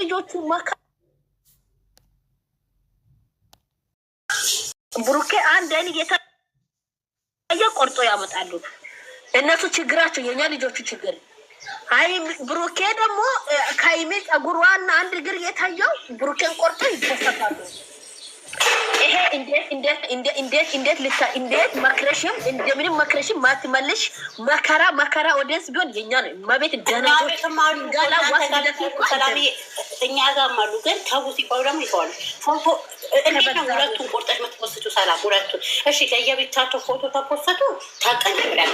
ልጆቹ መካ ብሩኬ አንድ አይን እየታየ ቆርጦ ያመጣሉ። እነሱ ችግራቸው የእኛ ልጆቹ ችግር። አይ ብሩኬ ደግሞ ከይሜ ጸጉሯና አንድ እግር የታየው ብሩኬን ቆርጦ ይደሰታሉ። ይሄ እንዴት መክረሽም እንደምንም መክረሽም ማትመልሽ መከራ መከራ ወደንስ ቢሆን የኛ ነው። ማቤት እኛ ጋርም አሉ፣ ግን ፎቶ እንዴት ነው ሰላም እሺ፣ ፎቶ እኔ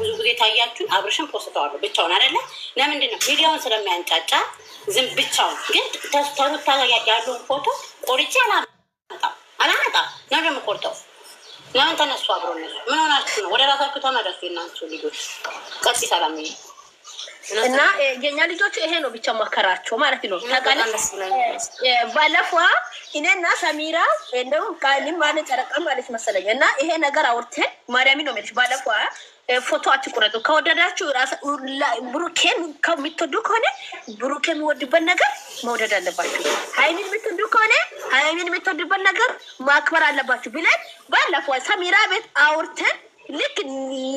ብዙ ጊዜ ታያችሁ። አብርሽን ፖስተዋሉ ብቻውን አይደለ? ለምንድን ነው ሚዲያውን ስለሚያንጫጫ ዝም ብቻውን ግን ተሩታ ያለውን ፎቶ ቆርጬ አላመጣም አላመጣ ነገ የምቆርጠው ለምን ተነሱ? አብሮ ምን ሆናችሁ ነው? ወደ ራሳችሁ ተመለሱ። የእናንችሁ ልጆች ቀጥ ሰላም እና የኛ ልጆች ይሄ ነው ብቻ መከራቸው ማለት ነው። ታውቃለች ባለፈዋ እኔና ሰሚራ እንደውም ቃልም ማለት ጨረቃ ማለት መሰለኝ እና ይሄ ነገር አውርተን ማርያም ነው ሄች ባለፈዋ ፎቶ አትቁረጡ። ከወደዳችሁ ብሩኬን ከሚትወዱ ከሆነ ብሩኬ የሚወድበት ነገር መውደድ አለባችሁ። ሀይሚን የምትወዱ ከሆነ ሀይሚን የምትወድበት ነገር ማክበር አለባችሁ ብለን ባለፈው ሰሚራ ቤት አውርተን ልክ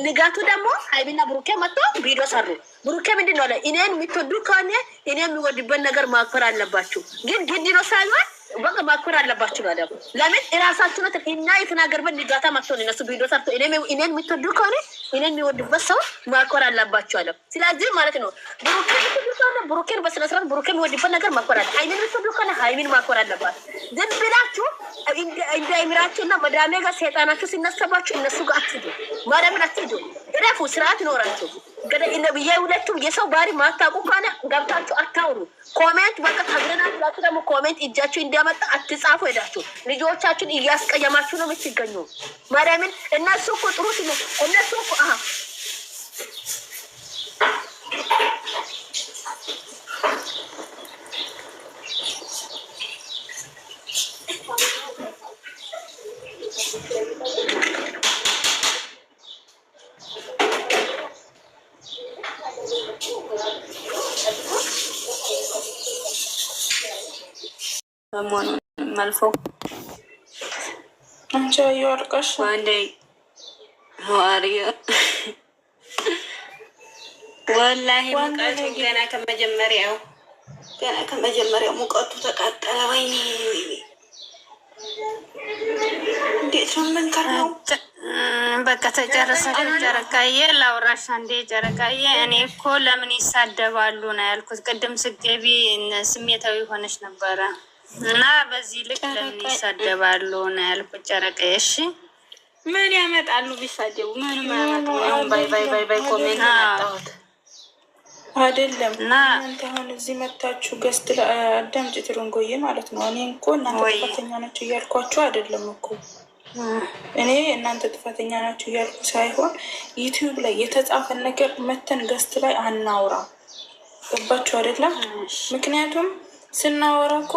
ንጋቱ ደግሞ ሀይሚና ብሩኬ መጥቶ ቪዲዮ ሰሩ። ብሩኬ ምንድን ነው እኔን የምትወዱ ከሆነ እኔ የሚወድበት ነገር ማክበር አለባችሁ። ግን ግድ ነው ሳይሆን በቃ ማኮር አለባችሁ ማለት ደግሞ ለምን እራሳችሁ ነው እና የተናገርበት ንጋታ ማክቶን እነሱ ቪዲዮ ሰርቶ እኔን የምትወዱ ከሆነ እኔን የሚወዱበት ሰው ማኮር አለባችሁ አለ። ስለዚህ ማለት ነው ብሩኬን በስነስርዓት ብሩኬን የሚወድበት ነገር ማኮር አለ። ሀይሚን የምትወዱ ከሆነ ሀይሚን ማኮር አለባት። ዝም ብላችሁ እንዳይምራችሁ እና መዳሜ ጋር ሰይጣናችሁ ሲነሳባችሁ እነሱ ጋር አትሄዱ ማዳሜን አትሄዱ እረፉ። ስርዓት ኖራችሁ ነብዬ የሰው ባህሪ ማታውቁ ከሆነ ገብታችሁ አታውሩ። ኮሜንት በቃ ተግረናት ብላችሁ ደግሞ ኮሜንት እጃችሁ እንዲያመጣ አትጻፉ። ሄዳችሁ ልጆቻችሁን እያስቀየማችሁ ነው የምትገኙ። ማርያምን እነሱ እኮ ጥሩት ነው እነሱ በመሆኑ መልፎ አንቺ የወርቀሽ አንዴ ዋሪያ ወላሂ ሙቀቱ ገና ከመጀመሪያው ገና ከመጀመሪያው ሙቀቱ ተቃጠለ። ወይኔ እንዴት ነው የምንከርነው? በቃ ተጨረሰ። ጨረቃዬ ላውራሽ አንዴ ጨረቃዬ። እኔ እኮ ለምን ይሳደባሉ ነው ያልኩት። ቅድም ስገቢ ስሜታዊ ሆነች ነበረ። እና በዚህ ልክ ለምን ይሳደባሉ ነው ያልኩት። ጨረቀ እሺ፣ ምን ያመጣሉ ቢሳደቡ? ምን አያመጡም። ባይ ባይ ባይ ባይ ኮሜንት አጣሁት አይደለም እና እናንተ አሁን እዚህ መታችሁ ገስት ለአዳምጭ ትሩንጎዬ ማለት ነው። እኔ እኮ እናንተ ጥፋተኛ ናችሁ እያልኳችሁ አይደለም እኮ እኔ እናንተ ጥፋተኛ ናችሁ እያልኩ ሳይሆን ዩቲዩብ ላይ የተጻፈን ነገር መተን ገስት ላይ አናውራ። ገባችሁ አይደለም? ምክንያቱም ስናወራ እኮ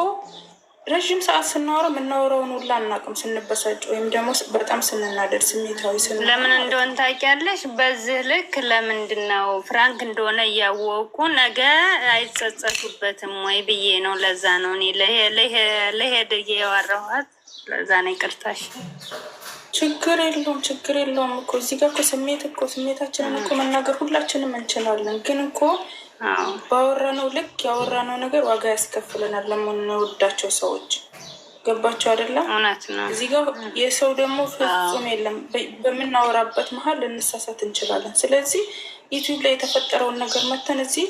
ረዥም ሰዓት ስናወራ የምናወራውን ሁላ አናውቅም። ስንበሳጭ ወይም ደግሞ በጣም ስንናደድ ስሜታዊ ስን ለምን እንደሆን ታውቂያለሽ። በዚህ ልክ ለምንድን ነው ፍራንክ እንደሆነ እያወቁ ነገ አይጸጸቱበትም ወይ ብዬ ነው። ለዛ ነው እኔ ለሄድ እየዋራኋት ለዛ ነው። ይቅርታሽ። ችግር የለውም ችግር የለውም እኮ እዚህ ጋር እኮ ስሜት እኮ ስሜታችንን እኮ መናገር ሁላችንም እንችላለን፣ ግን እኮ ባወራነው ልክ ያወራነው ነገር ዋጋ ያስከፍለናል። ለምንወዳቸው ሰዎች ገባቸው አይደለም? እውነት ነው። እዚህ ጋር የሰው ደግሞ ፍጹም የለም። በምናወራበት መሀል ልንሳሳት እንችላለን። ስለዚህ ዩቲዩብ ላይ የተፈጠረውን ነገር መተን እዚህ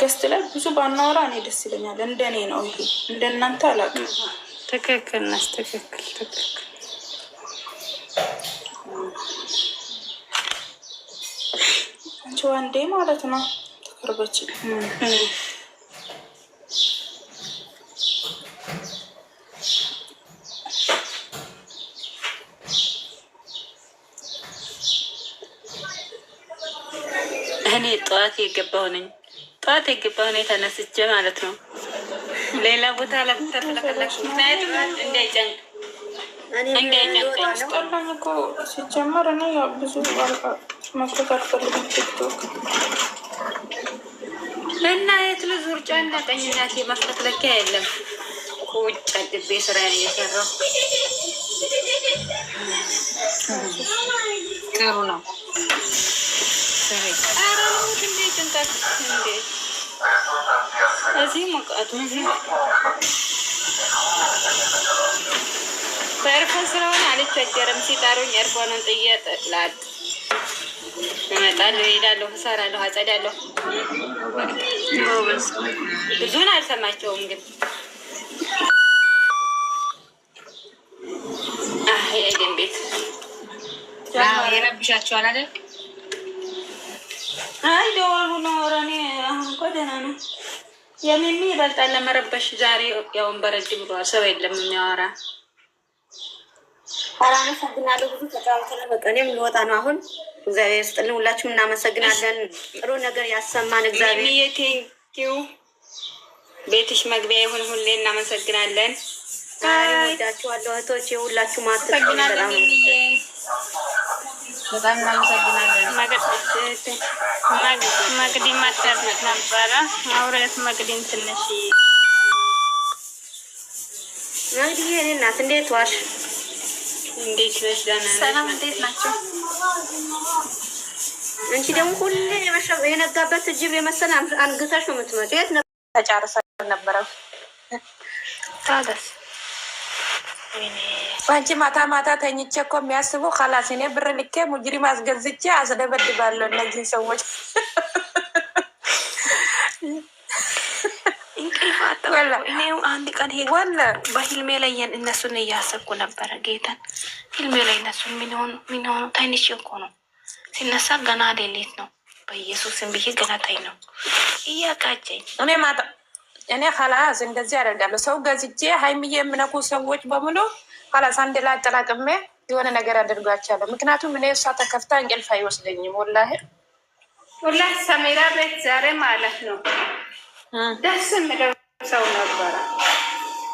ገስት ላይ ብዙ ባናወራ እኔ ደስ ይለኛል። እንደኔ ነው ይሄ፣ እንደናንተ አላውቅም። ትክክል ነሽ። ትክክል ትክክል። አንቺ ዋንዴ ማለት ነው ቅርበች እኔ ጠዋት የገባሁ ነኝ። ጠዋት የገባሁ ነኝ ተነስቼ ማለት ነው። ሌላ ቦታ ለምተፈለፈለች ምክንያቱም እንዳይጨንቅ እንዳይጨንቀኝ ሲጀመር እኔ ብዙ መክፈት አልፈልግም ቲክቶክ እና የት ልዙር ጨነቀኝ። እናቴ ማስተክለኪያ የለም። ቁጭ አድቤ ስራ የሰራው ጥሩ ነው። እዚህ ሙቀቱ በእርፎን ስለሆነ አልቸገርም። ሲጠሩኝ እርፎንን ጥዬ ጥላት እመጣለሁ፣ እሄዳለሁ፣ እሰራለሁ፣ አጸዳለሁ። ብዙን አልሰማቸውም ግን የኤደን ቤት ይረብሻቸዋል አይደል? አይ ደወሉ ነው። ኧረ አሁን እኮ ደህና ነው። የሚሚ ይበልጣል ለመረበሽ ዛሬ ያውን በረድ ብሏል። ሰው የለም የሚያወራ አራነ ሰግናለሁ። ብዙ ልወጣ ነው አሁን እግዚአብሔር ስጥልን። ሁላችሁም እናመሰግናለን። ጥሩ ነገር ያሰማን እግዚአብሔር። ቴንኪው ቤትሽ መግቢያ ይሁን። ሁሌ እናመሰግናለን። ወዳችኋለሁ እህቶች፣ የሁላችሁ ማትሰግናለን። በጣም እናመሰግናለን። መቅዲ ማዳመጥ ነበረ ማውረት መግዲን ትንሽ መቅዲ የኔ እናት እንዴት ዋሽ እንዴት ነሽ? ደህና ነሽ? ሰላም እንዴት ናቸው? አንቺ ደግሞ ሁሌ የነጋበት እጅብ የመሰለ አንግታሽ ነው የምትመጪው። የት ነበር? ተጨርሰን ነበረ። ባንቺ ማታ ማታ ተኝቼ እኮ የሚያስበው ካላስ እኔ ብር ልኬ ሙጅሪም አስገዝቼ አስደበድባለሁ እነዚህ ሰዎች እኔ አንድ ቀን ሄ በፊልሜ ላይ እነሱን እያሰብኩ ነበረ። ጌታን ፊልሜ ላይ እነሱን የሚሆኑ ትንሽ እኮ ነው ሲነሳ ገና ሌሊት ነው። በኢየሱስን ብዬ ገና ታይ ነው እያቃጨኝ እኔ ማታ እኔ ከላስ እንደዚህ ያደርጋለሁ። ሰው ገዝቼ ሀይሚዬ የምነኩ ሰዎች በሙሉ ከላስ አንድ ላይ አጠራቅሜ የሆነ ነገር አደርጋቸዋለሁ። ምክንያቱም እኔ እሷ ተከፍታ እንቅልፍ አይወስደኝም። ወላህ ። ወላሂ ሰሜራ ቤት ዛሬ ማለት ነው ደስ የሚለው ሰው ነበረ።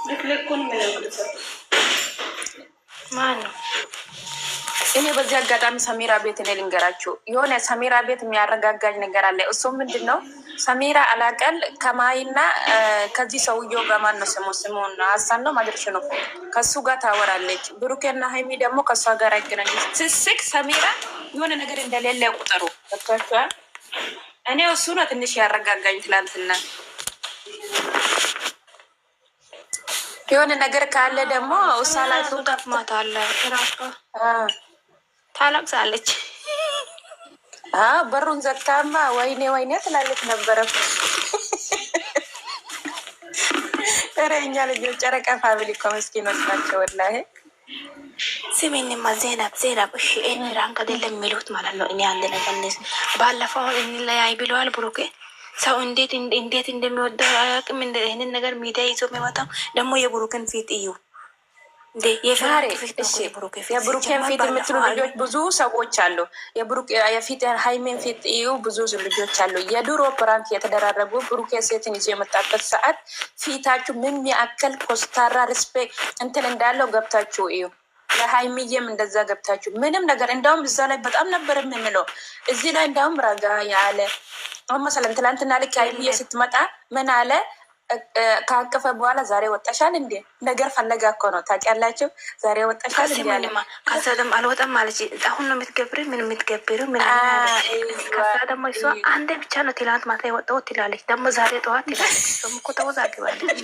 ልክልኩን ምንግልሰ ማን ነው? እኔ በዚህ አጋጣሚ ሰሜራ ቤት እኔ ልንገራችሁ፣ የሆነ ሰሚራ ቤት የሚያረጋጋኝ ነገር አለ። እሱ ምንድን ነው? ሰሚራ አላቀል ከማይና ከዚህ ሰውየው ጋር ነው ስሙ? ስሙን ሀሳን ነው ማድረሽ ነው። ከሱ ጋር ታወራለች። ብሩኬና ሀይሚ ደግሞ ከእሷ ጋር አይገናኝ። ስስቅ ሰሚራ የሆነ ነገር እንደሌለ ቁጠሩ። እኔ እሱ ነው ትንሽ ያረጋጋኝ ትላንትና የሆነ ነገር ካለ ደግሞ ውሳላቱ ጠፍማታለ ታለቅሳለች። በሩን ዘግታማ ወይኔ ወይኔ ትላለች ነበረ። ኧረ እኛ ልጆች ጨረቃ ፋሚሊ እኮ መስኪኖች ናቸው። ወላሂ ስሜንማ ዜናብ ዜናብ እሺ፣ ኤኒ ራንክ አይደለም የሚሉት ማለት ነው። እኔ አንድ ነገር ባለፈው እንለያይ ብለዋል ብሩኬ ሰው እንዴት እንዴት እንደሚወደው አያውቅም። ይህንን ነገር ሚዲያ ይዞ የሚመጣው ደግሞ የብሩክን ፊት እዩ። የብሩኬን ፊት የምትሉ ልጆች ብዙ ሰዎች አሉ። የፊት ፊት እዩ ብዙ ልጆች አሉ። የድሮ ፕራንክ የተደራረጉ ብሩኬ ሴትን ይዞ የመጣበት ሰዓት ፊታችሁ ምን ያክል ኮስታራ ሪስፔክት እንትን እንዳለው ገብታችሁ እዩ። ለሀይሚዬም እንደዛ ገብታችሁ ምንም ነገር እንዳውም እዛ ላይ በጣም ነበር የምንለው። እዚህ ላይ እንዳውም ረጋ ያለ አሁን መሰለን ትላንትና ልክ ሀይሚዬ ስትመጣ ምን አለ ከአቀፈ በኋላ ዛሬ ወጣሻል እንዴ? ነገር ፈለጋ እኮ ነው ታውቂያላችሁ። ዛሬ ወጣሻል እንዴማ? ከዛ ደግሞ አልወጣም ማለች። አሁን ነው የምትገብር ምን የምትገብር ምን። ከዛ ደግሞ እሷ አንዴ ብቻ ነው ትላንት ማታ የወጣው ትላለች፣ ደግሞ ዛሬ ጠዋት ትላለች። እሱም እኮ ተወዛግባለች።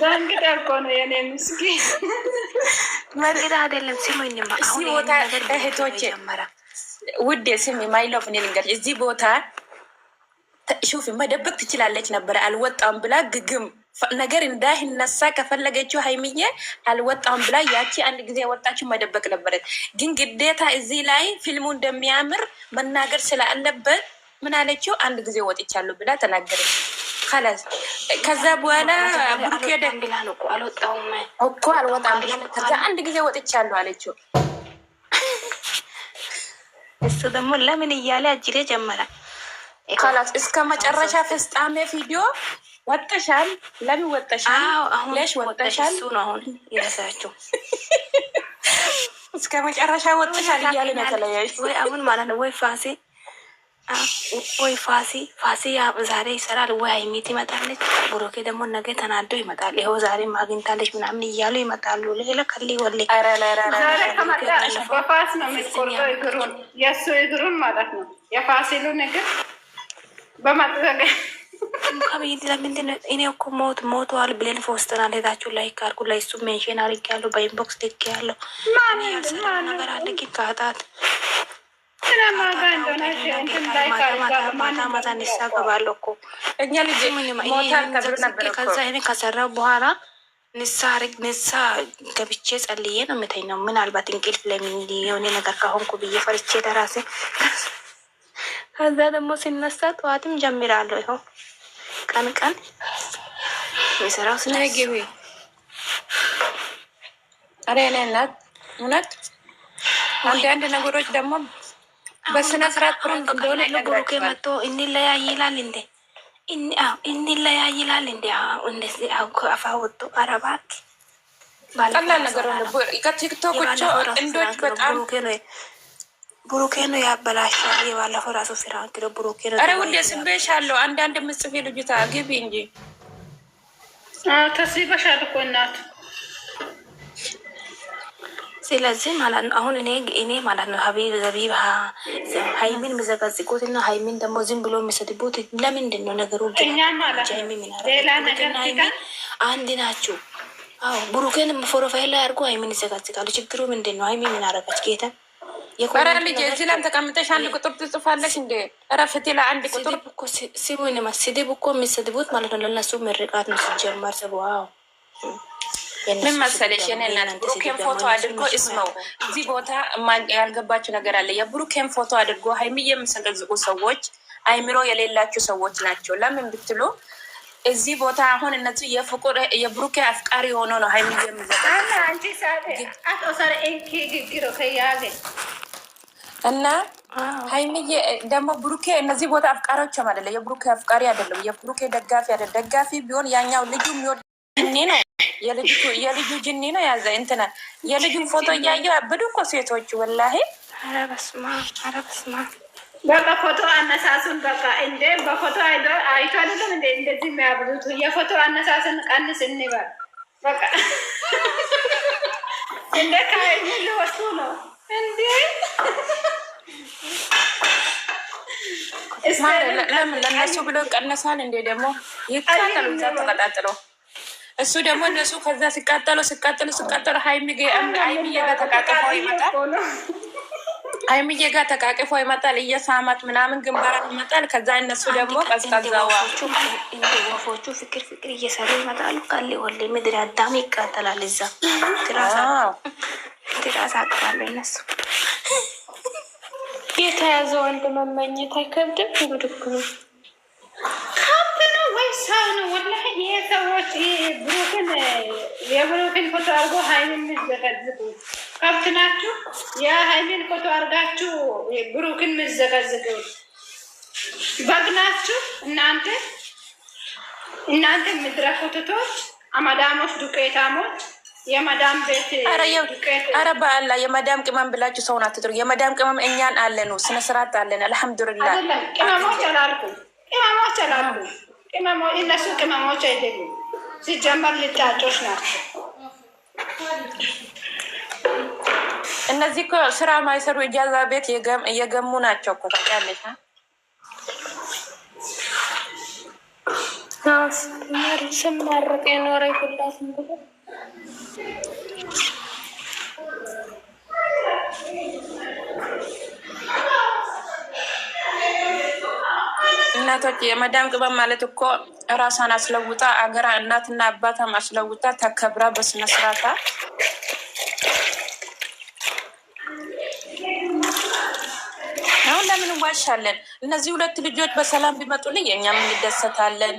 በእንግዳ እኮ ነው የኔ ምስኪ በእንግዳ አይደለም። ስሙኝማ አሁን ነገር እህቶቼ፣ ውዴ ስሚ፣ ማይሎፍ እኔ ልንገርሽ እዚህ ቦታ ሹፊ መደበቅ ትችላለች ነበረ። አልወጣም ብላ ግግም ነገር እንዳይነሳ ከፈለገችው ሀይሚዬ አልወጣም ብላ ያቺ አንድ ጊዜ ወጣችው መደበቅ ነበረት። ግን ግዴታ እዚህ ላይ ፊልሙ እንደሚያምር መናገር ስላለበት ምን አለችው? አንድ ጊዜ ወጥቻለሁ ብላ ተናገረች። ከዛ በኋላ ብሩኬ ደንግላ እኮ አልወጣም ብላ ከዛ አንድ ጊዜ ወጥቻለሁ አለችው። እሱ ደግሞ ለምን እያለ አጅሬ ጀመረ። ካላት እስከ መጨረሻ ፍጻሜ ቪዲዮ ወጠሻል። ለምን ወጠሻል? ለሽ ወጠሻል። እሱ ነው አሁን ይረሳችሁ። እስከ መጨረሻ ወጠሻል እያለ ነው የተለያዩ ወይ አሁን ማለት ነው ወይ ፋሴ ወይ ፋሲ ፋሲ ዛሬ ይሰራል ወይ ሀይሚ ትመጣለች። ብሩኬ ደግሞ ነገ ተናዶ ይመጣል። ይኸው ዛሬ ማግኝታለች ምናምን እያሉ ይመጣሉ። ሌላ ከሌ ወሌ ፋስ ነው የምትቆርጠው እግሩን የእሱ እግሩን ማለት ነው የፋሲሉን እግር በማዘጋ አቤት ለምንድን እኔ እኮ ሞት ሞተዋል ብለን ፎስተናል። ሄዳችሁ ላይክ አድርጉ። ላይ እሱ ሜንሽን አርግ ያለው በኢንቦክስ ልክ ያለው ነገር አለ ግን ከአጣት ማታ ንሳ ገባለሁ እኮ ከዛ እኔ ከሰራው በኋላ ንሳ ንሳ ገብቼ ጸልዬ ነው ነው ምናልባት እንቅልፍ ለሚሆን ነገር ከሆንኩ ብዬ ፈርቼ ተራሴ ከዛ ደግሞ ሲነሳ ጠዋትም ጀምራለሁ። ይኸው ቀን ቀን የሰራው ስነግቢ አረ እኔ እናት እውነት አንድ አንድ ነገሮች ደግሞ በስነ ስርዓት ጥሩ እንደሆነ ብሩኬ መጥቶ እንለያይ ይላል እንዴ? እንለያይ ይላል እንዴ? እንደዚህ አፋ ወጥቶ ኧረ ቀላል ነገር ነው። ከቲክቶክ እንዶች በጣም ብሩኬ ነው ያበላሻል። የባለፈው ራሱ ስራ እንግዲ ብሩኬ ነው። አረ ውዴ ስቤሻለሁ። አንዳንድ ምጽፌ ልጅታ ግቢ እንጂ ተስበሻል እኮ እናት። ስለዚህ ማለት ነው አሁን እኔ እኔ ማለት ነው ሀቢብ ዘቢብ ሀይሚን የሚዘቀዝቁት እና ሀይሚን ደግሞ ዝም ብሎ የሚሰድቡት ለምንድን ነው ነገሩ? አንድ ናቸው። አዎ ብሩኬን ፕሮፋይል ላይ አድርጎ ሀይሚን ይዘቀዝቃሉ። ችግሩ ምንድን ነው? ሀይሚ ምን አረጋች ጌታ ኧረ ልጅ እዚህ ላይ ተቀምጠሽ አንድ ቁጥር ትጽፋለሽ እንዴ? ኧረ ፍትህ ላይ አንድ ቁጥር እኮ ሲቡኝማ፣ ስድብ እኮ የሚሰድቡት ማለት ነው። ለነሱ መርቃት ነው ሲጀመር። ስቡ አዎ ምን መሰለሽ የኔ እናት ብሩኬን ፎቶ አድርጎ እስመው እዚህ ቦታ ያልገባችሁ ነገር አለ። የብሩኬን ፎቶ አድርጎ ሀይሚ የምሰገዝቁ ሰዎች አይምሮ የሌላችሁ ሰዎች ናቸው። ለምን ብትሉ እዚህ ቦታ አሁን እነሱ የፍቁር የብሩኬ አፍቃሪ ሆኖ ነው ሀይሚዬ የምዘ እና ሀይሚዬ ደግሞ ብሩኬ እነዚህ ቦታ አፍቃሪዎችም አይደለም። የብሩኬ አፍቃሪ አይደለም። የብሩኬ ደጋፊ አይደለም። ደጋፊ ቢሆን ያኛው ልጁ የሚወድ ጅኒ ነው። የልጁ ጅኒ ነው ያዘ እንትነ የልጁን ፎቶ እያየው አብዱ እኮ ሴቶች ወላሂ። ኧረ በስመ አብ ኧረ በስመ አብ። በቃ ፎቶ አነሳሱን በቃ እንዴ በፎቶ አይቶ አይደለም እንደ እንደዚህ የሚያብሉት የፎቶ አነሳስን ቀንስ እንበል በቃ እንደ ካሚል ወሱ ነው እንዴ ለምን ለእነሱ ብለው ቀነሳል እንዴ? ደግሞ ይቃጠሉ እዛ ተቀጣጥለው እሱ ደግሞ እነሱ ከዛ ሲቃጠሉ ሲቃጠሉ ሲቃጠሉ ሀይሚዬ ጋር ተቃቅፎ ይመጣል። ሀይሚዬ ጋር ተቃቅፎ ይመጣል። እየሳማት ምናምን ግንባራ ይመጣል። ከዛ እነሱ ደግሞ ቀዝቃዛዋ ወፎቹ ፍቅር ፍቅር እየሰሩ ይመጣሉ። ካለ ወላሂ ምድር አዳም ይቃጠላል እዛ ግዴታ የተያዘ ወንድ መመኘት አይከብድም። ነው ነው ወይ ሰው ነው? ወላሂ ይሄ ሰዎች ብሩክን የብሩክን ፎቶ አድርጎ ሀይልን ምዘቀዝቁ ከብት ናችሁ። የሀይልን ፎቶ አርጋችሁ ብሩክን ምዘቀዝቁ በግ ናችሁ እናንተ እናንተ ምድረ ፎቶቶች አማዳሞች፣ ዱቄታሞች የመዳም ቤት የመዳም ቅመም ብላችሁ ሰውን አትጥሩ። የመዳም ቅመም እኛን አለኑ ስነ ስርዓት አለን። አልሐምዱሊላህ ቅመሞች አላልኩም፣ ቅመሞች አላልኩም። እነሱ ቅመሞች አይደሉም። ሲጀመር ልጫጮች ናቸው። እነዚህ እኮ ስራ ማይሰሩ እጃዛ ቤት የገሙ ናቸው እኮ ታውቂያለሽ። ስማርቅ የኖረ ሁላት እናቶች የመዳም ቅመም ማለት እኮ እራሷን አስለውጣ አገራ እናትና አባታም አስለውጣ ተከብራ በስነስርዓታ አሁን ለምን እንዋሻለን? እነዚህ ሁለት ልጆች በሰላም ቢመጡልኝ እኛም እንደሰታለን።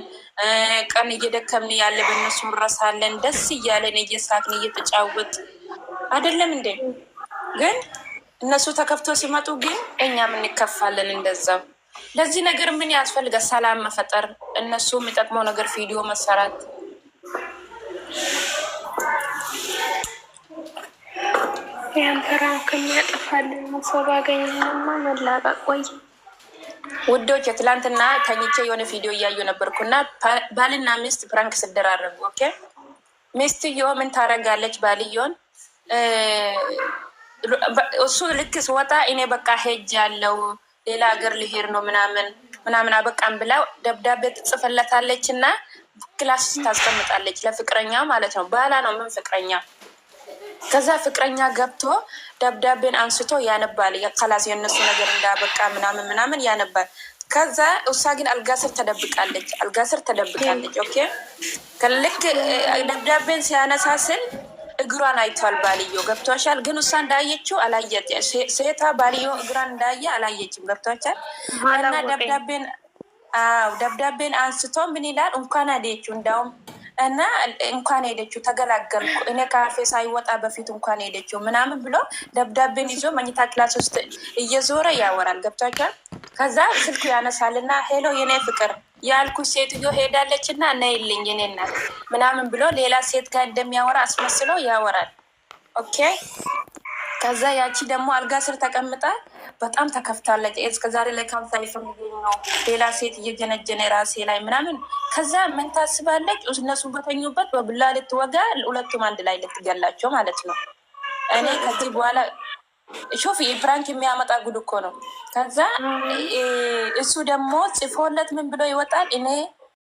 ቀን እየደከምን ያለ በእነሱ እንረሳለን። ደስ እያለን እየሳቅን እየተጫወት አይደለም እንዴ? ግን እነሱ ተከፍቶ ሲመጡ ግን እኛም እንከፋለን እንደዛው። ለዚህ ነገር ምን ያስፈልጋል? ሰላም መፈጠር፣ እነሱ የሚጠቅመው ነገር ቪዲዮ መሰራት ያንተራ ከሚያጠፋልን ሰው ባገኘንማ መላቀቅ ቆይ ውዶች የትላንትና ተኝቼ የሆነ ቪዲዮ እያዩ ነበርኩና ባልና ሚስት ፕራንክ ስደራረጉ፣ ኦኬ ሚስትዮ ምን ታደርጋለች? ባልዮን እሱ ልክ ስወጣ እኔ በቃ ሄጅ ያለው ሌላ ሀገር ልሄድ ነው ምናምን ምናምን አበቃም ብላ ደብዳቤ ትጽፈለታለች እና ክላስ ታስቀምጣለች፣ ለፍቅረኛ ማለት ነው። ባላ ነው ምን ፍቅረኛ ከዛ ፍቅረኛ ገብቶ ደብዳቤን አንስቶ ያነባል። ከላስ የነሱ ነገር እንዳበቃ ምናምን ምናምን ያነባል። ከዛ እሷ ግን አልጋ ስር ተደብቃለች፣ አልጋ ስር ተደብቃለች። ኦኬ ከልክ ደብዳቤን ሲያነሳስል እግሯን አይቷል ባልዮ። ገብቷሻል? ግን እሷ እንዳየችው አላየች። ሴቷ ባልዮ እግሯን እንዳየ አላየችም። ገብቷቻል? እና ደብዳቤን አዎ ደብዳቤን አንስቶ ምን ይላል እንኳን አደችው እንዳውም እና እንኳን ሄደችው ተገላገልኩ፣ እኔ ካፌ ሳይወጣ በፊት እንኳን ሄደችው ምናምን ብሎ ደብዳቤን ይዞ መኝታ ክላስ ውስጥ እየዞረ ያወራል። ገብቷቸዋል። ከዛ ስልኩ ያነሳል እና ሄሎ የኔ ፍቅር ያልኩሽ ሴትዮ ሄዳለች እና ነይልኝ የኔ እናት ምናምን ብሎ ሌላ ሴት ጋር እንደሚያወራ አስመስሎ ያወራል። ኦኬ ከዛ ያቺ ደግሞ አልጋ ስር ተቀምጣ በጣም ተከፍታለች። እስከዛሬ ላይ ካብታ ይፈልግ ነው ሌላ ሴት እየጀነጀነ ራሴ ላይ ምናምን። ከዛ ምን ታስባለች? እነሱ በተኙበት በብላ ልትወጋ ሁለቱም አንድ ላይ ልትገላቸው ማለት ነው። እኔ ከዚህ በኋላ ሾፍ የፕራንክ የሚያመጣ ጉድ እኮ ነው። ከዛ እሱ ደግሞ ጽፎለት ምን ብሎ ይወጣል እኔ